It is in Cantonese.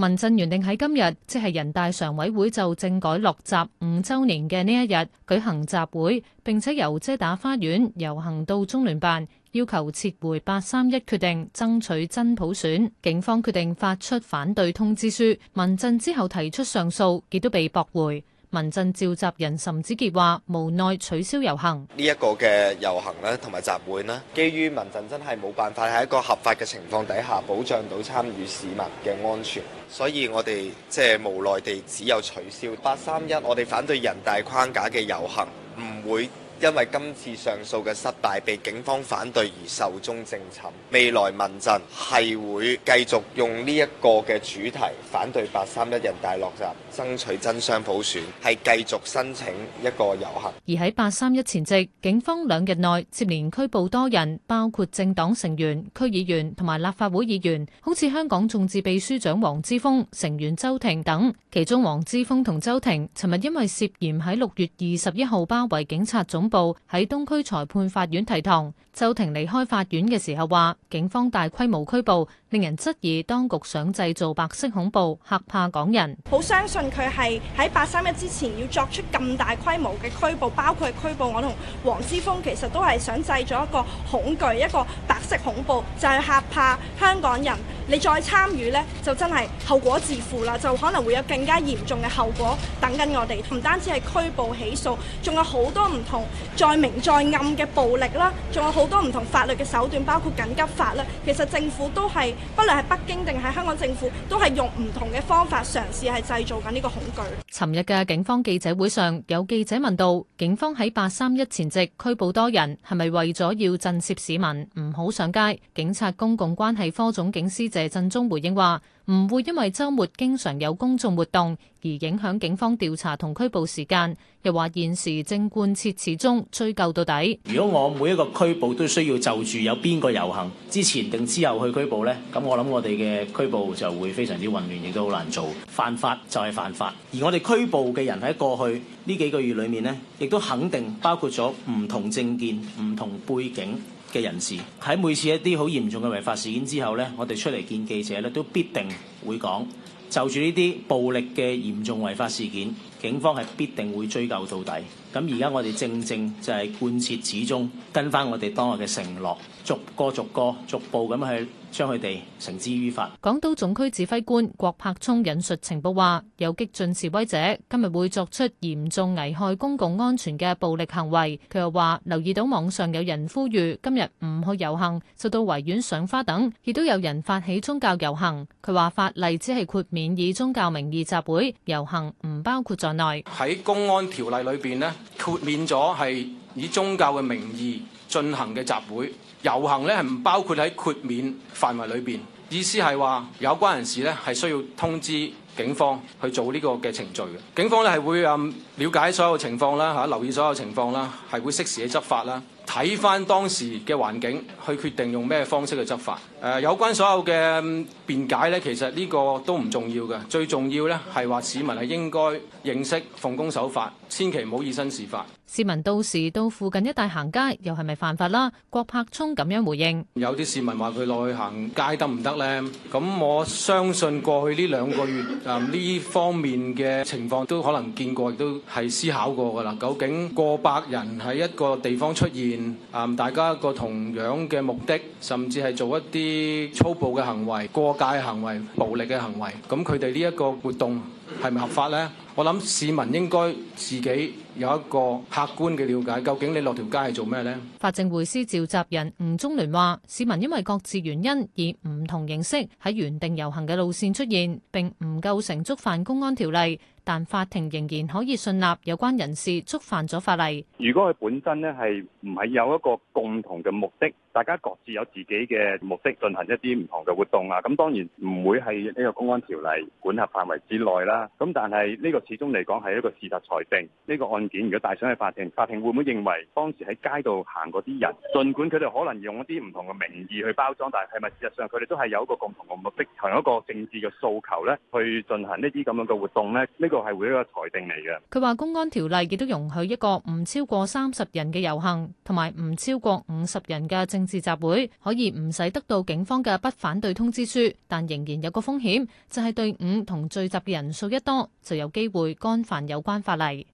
民陣原定喺今日，即係人大常委會就政改落閘五周年嘅呢一日舉行集會，並且由遮打花園遊行到中聯辦，要求撤回八三一決定，爭取真普選。警方決定發出反對通知書，民陣之後提出上訴，亦都被駁回。民陣召集人岑子傑話：無奈取消遊行，呢一個嘅遊行咧，同埋集會咧，基於民陣真係冇辦法喺一個合法嘅情況底下保障到參與市民嘅安全，所以我哋即係無奈地只有取消八三一，31，我哋反對人大框架嘅遊行唔會。因為今次上訴嘅失敗，被警方反對而壽終正寢。未來民陣係會繼續用呢一個嘅主題，反對八三一人大落閘，爭取真雙普選，係繼續申請一個遊行。而喺八三一前夕，警方兩日內接連拘捕多人，包括政黨成員、區議員同埋立法會議員，好似香港眾志秘書長黃之鋒、成員周庭等。其中黃之鋒同周庭，尋日因為涉嫌喺六月二十一號包圍警察總部，喺東區裁判法院提堂。周庭離開法院嘅時候話，警方大規模拘捕。令人質疑當局想製造白色恐怖，嚇怕港人。好相信佢係喺八三一之前要作出咁大規模嘅拘捕，包括拘捕我同黃之鋒，其實都係想製造一個恐懼，一個白色恐怖，就係嚇怕香港人。你再參與呢，就真係後果自負啦，就可能會有更加嚴重嘅後果等緊我哋。唔單止係拘捕起訴，仲有好多唔同再明再暗嘅暴力啦，仲有好多唔同法律嘅手段，包括緊急法啦。其實政府都係。不論係北京定係香港政府，都係用唔同嘅方法嘗試係製造緊呢個恐懼。尋日嘅警方記者會上，有記者問到，警方喺八三一前夕拘捕多人，係咪為咗要震懾市民，唔好上街？警察公共關係科總警司謝振中回應話。唔會因為週末經常有公眾活動而影響警方調查同拘捕時間。又話現時正貫徹始終，追究到底。如果我每一個拘捕都需要就住有邊個遊行之前定之後去拘捕呢？咁我諗我哋嘅拘捕就會非常之混亂，亦都好難做。犯法就係犯法，而我哋拘捕嘅人喺過去呢幾個月裡面呢，亦都肯定包括咗唔同政見、唔同背景。嘅人士喺每次一啲好嚴重嘅違法事件之後咧，我哋出嚟見記者咧，都必定會講。就住呢啲暴力嘅嚴重違法事件，警方係必定會追究到底。咁而家我哋正正就係貫徹始終跟翻我哋當日嘅承諾，逐個逐個逐步咁去將佢哋繩之於法。港島總區指揮官郭柏聰引述情報話有激進示威者今日會作出嚴重危害公共安全嘅暴力行為，佢又話留意到網上有人呼籲今日唔去遊行，受到維園賞花等，亦都有人發起宗教遊行。佢話法例只係豁免。免以宗教名義集會遊行，唔包括在內。喺公安條例裏邊呢，豁免咗係以宗教嘅名義進行嘅集會遊行咧係唔包括喺豁免範圍裏邊。意思係話有關人士咧係需要通知。警方去做呢個嘅程序嘅，警方咧係會誒瞭解所有情況啦，嚇留意所有情況啦，係會適時嘅執法啦，睇翻當時嘅環境去決定用咩方式去執法。誒有關所有嘅辯解咧，其實呢個都唔重要嘅，最重要咧係話市民係應該認識奉公守法，千祈唔好以身試法。市民到時到附近一帶行街，又係咪犯法啦？郭柏聰咁樣回應：有啲市民話佢落去行街得唔得咧？咁我相信過去呢兩個月，啊！呢方面嘅情況都可能見過，亦都係思考過㗎啦。究竟過百人喺一個地方出現，啊！大家一個同樣嘅目的，甚至係做一啲粗暴嘅行為、過界嘅行為、暴力嘅行為，咁佢哋呢一個活動係咪合法呢？我諗市民應該自己有一個客觀嘅了解，究竟你落條街係做咩呢？法政會司召集人吳宗聯話，市民因為各自原因以唔同形式，喺原定遊行嘅路線出現，並唔構成觸犯公安條例。但法庭仍然可以信納有關人士觸犯咗法例。如果佢本身咧係唔係有一個共同嘅目的，大家各自有自己嘅目的，進行一啲唔同嘅活動啊，咁當然唔會係呢個公安條例管轄範圍之內啦。咁但係呢個始終嚟講係一個事實裁定。呢個案件如果帶上去法庭，法庭會唔會認為當時喺街度行嗰啲人，盡管佢哋可能用一啲唔同嘅名義去包裝，但係係咪事實上佢哋都係有一個共同嘅目的，同一個政治嘅訴求咧，去進行呢啲咁樣嘅活動咧？呢個係為一個裁定嚟嘅。佢話：公安條例亦都容許一個唔超過三十人嘅遊行，同埋唔超過五十人嘅政治集會，可以唔使得到警方嘅不反對通知書，但仍然有個風險，就係隊伍同聚集嘅人數一多，就有機會干犯有關法例。